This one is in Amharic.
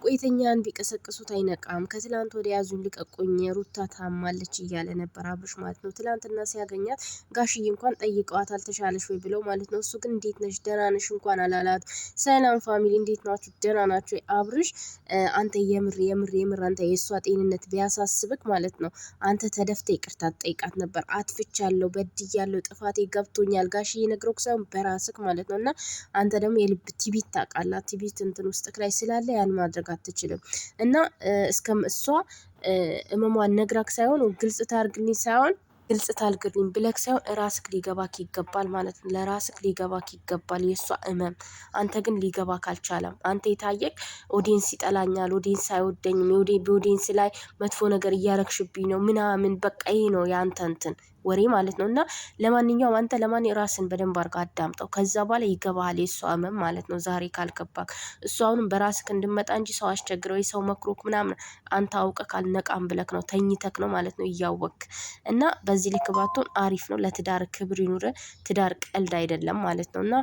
አንቆ የተኛ ቢቀሰቅሱት አይነቃም። ከትላንት ወደ ያዙን ልቀቁኝ ሩታ ታማለች እያለ ነበር አብርሽ ማለት ነው። ትላንትና ሲያገኛት ጋሽዬ እንኳን ጠይቀዋት አልተሻለሽ ወይ ብለው ማለት ነው። እሱ ግን እንዴት ነሽ ደህና ነሽ እንኳን አላላት። ሰላም ፋሚሊ እንዴት ናችሁ? ደህና ናችሁ? አብርሽ አንተ የምር የምር የምር አንተ የእሷ ጤንነት ቢያሳስብክ ማለት ነው አንተ ተደፍተ ይቅርታ ጠይቃት ነበር። አጥፍቻለሁ፣ በድያለሁ፣ ጥፋቴ ገብቶኛል ጋሽዬ ነግሮክ ሳይሆን በራስክ ማለት ነው። እና አንተ ደግሞ የልብ ቲቢት ታውቃላት ቲቢት እንትን ውስጥ ላይ ስላለ ያን ማድረግ ማድረግ አትችልም። እና እስከም እሷ እመሟን ነግራክ ሳይሆን ግልጽ ታርግልኝ ሳይሆን ግልጽ ታርግልኝ ብለክ ሳይሆን ራስክ ሊገባክ ይገባል ማለት ነው። ለራስክ ሊገባክ ይገባል የእሷ እመም። አንተ ግን ሊገባክ አልቻለም። አንተ የታየክ ኦዲንስ ይጠላኛል፣ ኦዲንስ አይወደኝም፣ በኦዲንስ ላይ መጥፎ ነገር እያረግሽብኝ ነው ምናምን በቃ ይሄ ነው የአንተ እንትን ወሬ ማለት ነው። እና ለማንኛውም አንተ ለማን ራስን በደንብ አርጋ አዳምጠው። ከዛ በኋላ ይገባሃል የእሷ ህመም ማለት ነው። ዛሬ ካልገባክ እሱ አሁንም በራስክ እንድመጣ እንጂ ሰው አስቸግረ ወይ ሰው መክሮክ ምናምን አንተ አውቀ ካልነቃም ብለክ ነው ተኝተክ ነው ማለት ነው እያወክ እና በዚህ ልክ ባትሆን አሪፍ ነው። ለትዳር ክብር ይኑር። ትዳር ቀልድ አይደለም ማለት ነው እና